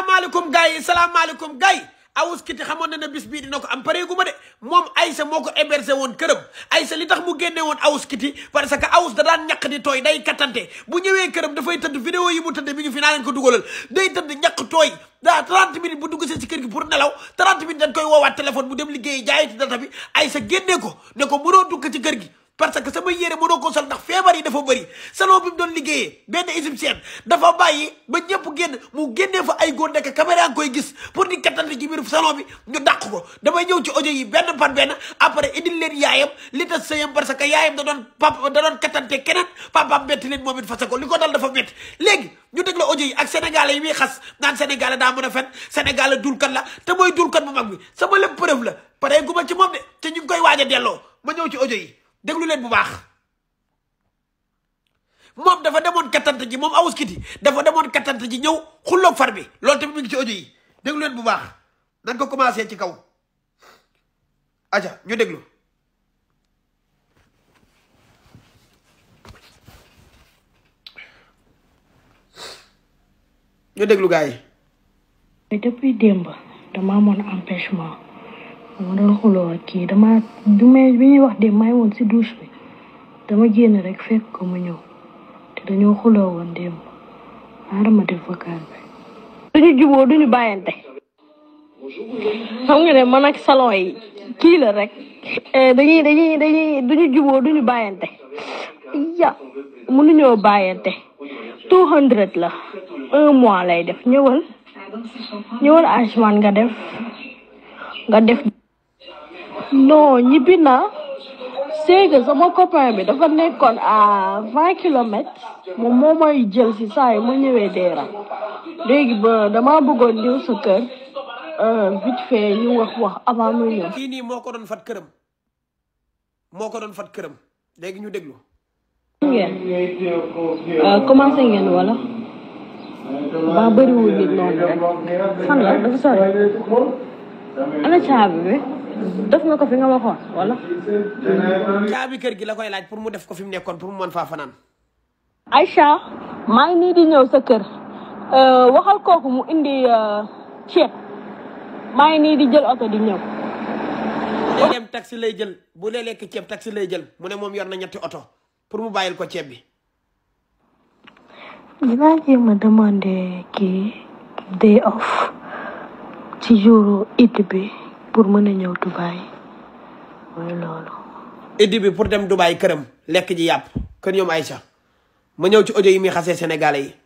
salaamaaleykum gars yi salaamaaleykum gars yi awuskiti xamoon na ne bis bii dina ko am pareegu ma de moom Aïssa moo ko hébergé woon ay Aïssa li tax mu génne woon awuskiti parce que awus da daan ñaq di tooy day kattante bu ñëwee këram dafay tëdd vidéo yi mu tëdd mi ngi fi naa leen ko dugalal day tëdd ñaq tooy daa 30 minutes bu dugg si kër gi pour nelaw 30 minutes dañ koy woowaat téléphone mu dem liggéeyi jaayati data bi sa génnee ko ne ko mënoo dugg ci kër gi parce que sama yére mënoo ko sol ndax feebar yi dafa bëri salon bi mu doon liggéeyee benn égyptienne dafa bàyyi ba ñëpp génn mu génnee fa ay góor nekk caméra ngi koy gis pour di kattante ci biir salon bi ñu dàq ko damay ñëw ci ojo yi benn par benn après indil leen yaayam li tas sëyam parce que yaayam da doon pap da doon kattante keneen papaam metti leen moom it fase ko li ko dal dafa métti léegi ñu déglu audio yi ak sénégalais yi muy xas naan sénégalais daa mën a fen sénégalais kan la te mooy dulkat bu mag bi sama lépp preuve la pare ñu ngi koy waaj a delloo ma ñëw ci audio yi déglu leen bu baax moom dafa demoon kattante ji moom Awoush Kity dafa demoon kattante ji ñëw xulloog far bi loolu tamit mi ngi ci audio yi déglu leen bu baax nan ko commencé ci kaw aja ñu déglu ñu déglu yi depuis démb dama amoon empêchement ma doon xuloo kii dama du may bi ñuy wax de may woon si douche bi dama génn rek fekk ko mu ñëw te dañoo xuloo woon démb xaaral ma def vocal bi. duñu juboo duñu bàyyante xam nga ne man ak salon kii la rek eh, dañuy dañuy dañuy duñu juboo duñu bàyyante ya mënuñoo bàyyante two hundred la un mois lay def ñëwal ñëwal Ajman nga def nga def non ñibbi na c'est sama copain bi dafa nekkoon a vingt kilomètres moom moo may jël si saa yi ñëwee Dera léegi ba bëggoon ñëw sa euh, vite fait ñu wax wax avant ñëw. kii nii moo ko doon fat këram moo ko doon fat këram léegi ñu déglu. ngeen euh, commencé ngeen wala. ba bëriwul noonu rek fan la dafa sori ana caabi bi. def nga ko fi nga waxoon wala. caabi kër gi la koy laaj pour mu def ko fi mu nekkoon pour mu mën faa fanaan. ay maa ngi nii di ñëw sa kër euh, waxal kooku mu indi euh, ceeb maa ngi nii di jël oto di ñëw. bu dee lay jël bu dee lekk ceeb taxi lay jël mu ne moom yor na ñetti oto pour mu bàyyil ko ceeb bi. dinaa jéem a demander kii day off ci jouru it bi. pour mën a ñëw Dubaï mooy loolu. iddi bi pour dem Dubaï këram lekk ji yàpp kër ñoom sax ma ñëw ci audio yi muy xasee sénégalais yi.